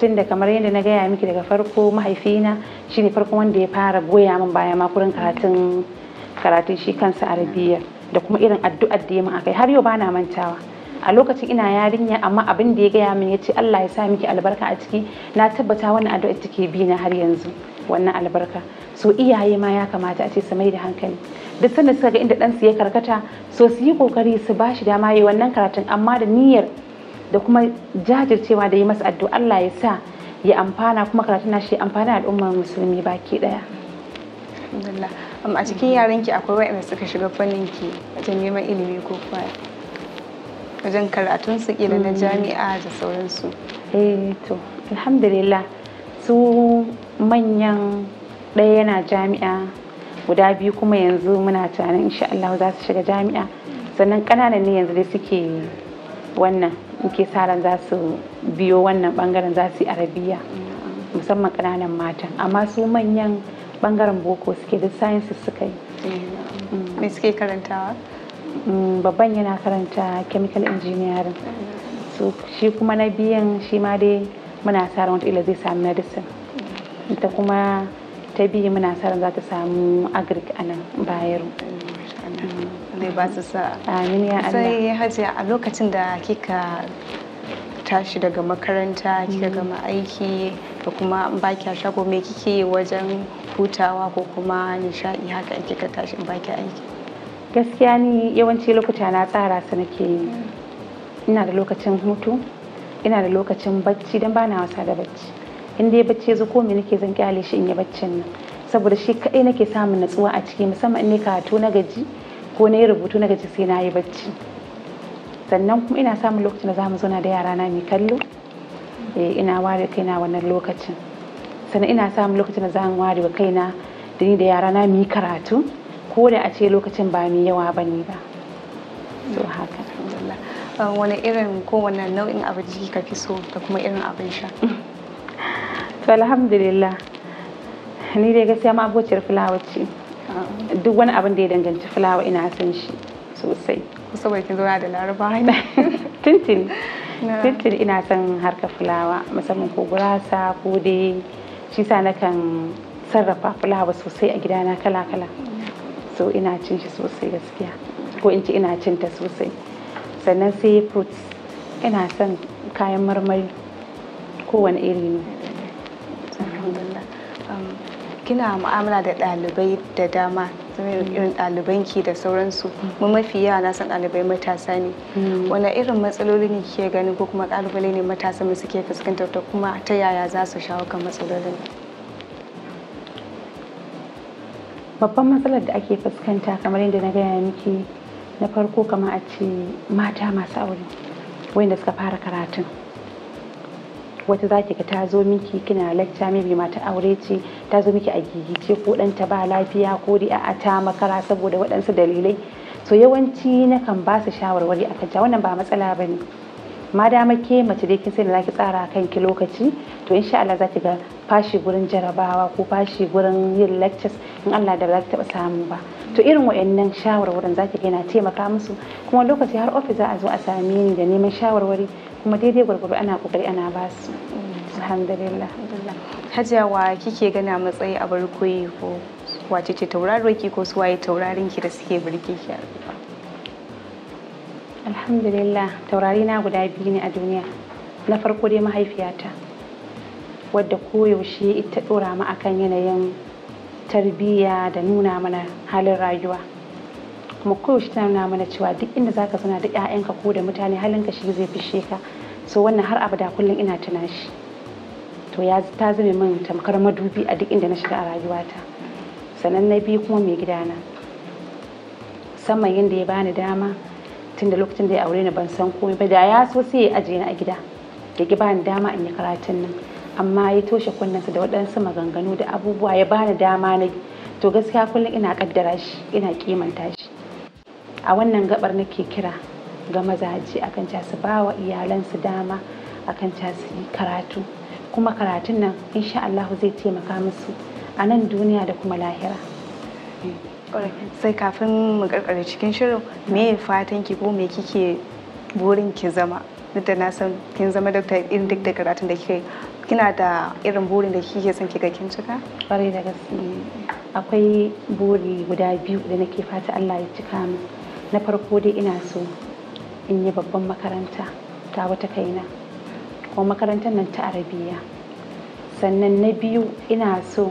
[SPEAKER 4] tun da kamar yadda na gaya miki daga farko mahaifina shine farkon wanda ya fara goya min baya ma kurin karatun karatun shi kansa arabiya da kuma irin addu'ar da ya min akai har yau bana mantawa a lokacin ina yarinya amma abin da ya gaya min ya ce Allah ya sa miki albarka a ciki na tabbata wannan addu'a take bi na har yanzu wannan albarka so iyaye ma ya kamata a ce su mai da hankali duk sanda suka ga inda su ya karkata so su yi kokari su ba shi dama yi wannan karatun amma da niyyar da kuma jajircewa da yi masa addu'a Allah ya sa ya amfana kuma karatun na shi amfana al'ummar musulmi baki daya
[SPEAKER 1] a cikin yaranki akwai waɗanda suka shiga fannin ki wajen neman ilimi ko kwaya
[SPEAKER 4] wajen karatun su kila na mm. jami'a da sauransu eh to alhamdulillah su manyan ɗaya yana jami'a guda biyu kuma yanzu muna tunanin insha Allah za su shiga jami'a sannan kananan ne yanzu dai suke wannan muke sa ran za su biyo wannan bangaren za su yi arabiya musamman ƙananan matan amma su manyan bangaren boko suke da sciences suka yi eh, mm. me suke karantawa Mm, babban yana karanta chemical engineering so shi kuma na biyan shi ma dai muna sa ran wata zai samu medicine ita kuma ta biyu muna sa ran za ta samu agric a nan bayero mm, ya Allah
[SPEAKER 1] sai a lokacin da kika tashi daga makaranta kika mm. gama
[SPEAKER 4] aiki da kuma baki shago me kike wajen hutawa ko kuma nishaɗi haka kika tashi baki aiki gaskiya ni yawanci lokuta na tsara su nake yi ina da lokacin hutu ina da lokacin bacci don ba na wasa da bacci in dai bacci ya zo ko me nake zan kyale shi in yi baccin nan saboda shi kaɗai nake samun natsuwa a ciki musamman in ne karatu na gaji ko na yi rubutu na gaji sai na yi bacci sannan kuma ina samun lokacin da zamu zauna da yara na mai kallo eh, ina ware kaina wannan lokacin sannan ina samun lokacin da mu ware kaina da ni da yara na mu yi karatu ko da a ce lokacin ba mai yawa ba ne ba so haka uh, wani irin kowane nau'in abinci ka fi so da kuma irin abin sha to alhamdulillah ni dai gaskiya ma abociyar fulawa ce uh-huh. duk wani abin da ya danganci fulawa ina son shi sosai saboda kin zauna da laraba ne tintin
[SPEAKER 1] tintin
[SPEAKER 4] ina son harkar fulawa musamman ko gurasa ko dai shi sa nakan sarrafa fulawa sosai a gidana kala-kala so ina cin shi sosai gaskiya ko in ci ina cin ta sosai sannan sai fruits ina son kayan marmari kowane iri ne um, kina mu'amala da ɗalibai
[SPEAKER 1] da dama irin ɗalibanki da sauransu mu mafi yawa na san ɗalibai matasa ne hmm. wani irin matsaloli ne ke gani ko kuma ƙalubale ne matasa mu suke fuskantar ta kuma ta yaya za su shawo kan matsalolin
[SPEAKER 4] babban matsalar da ake fuskanta kamar yadda na gaya miki na farko kamar a ce mata masu aure wanda suka fara karatun wata za ki ga ta zo miki kina lacca maybe mata aure ce ta zo miki a gigice ko ɗanta ba lafiya ko dai a ta makara saboda waɗansu dalilai so yawanci nakan ba su shawarwari a kanta wannan ba matsala ba ne madama dama ke mace dai kin za ki tsara kan ki lokaci to insha Allah zaki ga fashi gurin jarabawa ko fashi gurin yin lectures in Allah da ba zaki taba samu ba to irin wayannan shawarwarin zaki ga yana taimaka musu kuma lokaci har office za a zo a same ni da neman shawarwari kuma daidai gurgurbi ana kokari ana basu alhamdulillah
[SPEAKER 1] hajiyawa kike gana matsayi a barkoyi ko wace ce tauraro ki ko suwaye taurarin ki da suke birke
[SPEAKER 4] alhamdulillah taurari na guda biyu ne a duniya na farko dai mahaifiyata wadda koyaushe ita dora mu akan yanayin tarbiyya da nuna mana halin rayuwa kuma koyaushe ta nuna mana cewa duk inda za ka suna duk 'ya'yanka ko da mutane halinka shi zai fi sheka so wannan har abada kullum ina tuna shi to ya ta zame min tamkar madubi a duk inda na shiga a rayuwata sannan na biyu kuma mai gidana saman yadda ya bani dama tun da lokacin da ya aure ni ban san komai ba da ya so sai ya aje ni a gida ya ba ni dama in yi karatun nan amma ya toshe kunnensa da waɗansu maganganu da abubuwa ya bani dama na to gaskiya kullum ina kaddara shi ina kimanta shi a wannan gabar nake kira ga mazaje akan ca su ba wa iyalansu dama akan ca su yi karatu kuma karatun nan insha Allah zai taimaka musu a nan duniya da kuma lahira.
[SPEAKER 1] sai kafin mu karkare cikin shirin me fatan ki ko me kike burin ki zama duk da na san kin zama dokta irin duk da karatun da kike kina da irin burin da kike son
[SPEAKER 4] kiga kin cika kwarai da gaske akwai buri guda biyu da nake fata Allah ya cika min na farko dai ina so in yi babban makaranta ta wata kaina ko makarantar nan ta arabiya sannan na biyu ina so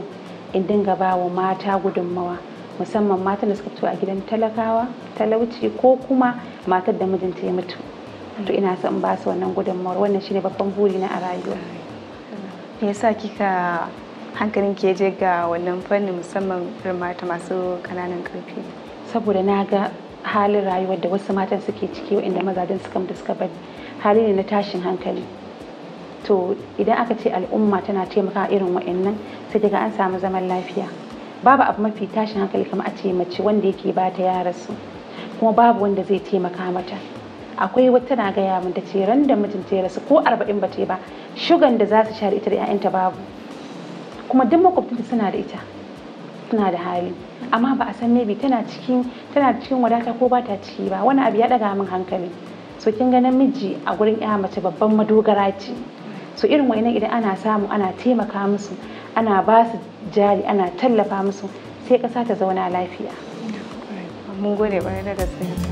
[SPEAKER 4] in dinga ba wa mata gudunmawa musamman matan da suka fito a gidan talakawa talauci ko kuma matar da mijinta ya mutu to ina son ba su wannan gudunmawar wannan shine babban buri na a rayuwa me yasa kika hankalin ke je ga wannan fannin musamman mata masu kananan karfi saboda na ga halin rayuwar da wasu matan suke ciki inda mazajen suka da suka bari hali ne na tashin hankali to idan aka ce al'umma tana taimaka irin wa'annan sai daga an samu zaman lafiya babu abu mafi tashin hankali kamar a ce mace wanda yake ba ta ya rasu kuma babu wanda zai taimaka mata akwai wata na gaya min ta ce ran da mijin ta rasu ko arba'in ba ba shugan da za su sha ita da 'ya'yanta babu kuma duk da suna da ita suna da hali amma ba a san maybe tana cikin tana cikin wadata ko ba ta ciki ba wani abu ya daga min hankali so kin ga namiji a gurin ya mace babban madogara ce so irin wa'annan idan ana samu ana taimaka musu ana ba su jari ana tallafa musu sai ƙasa ta zauna lafiya mun gode da gaske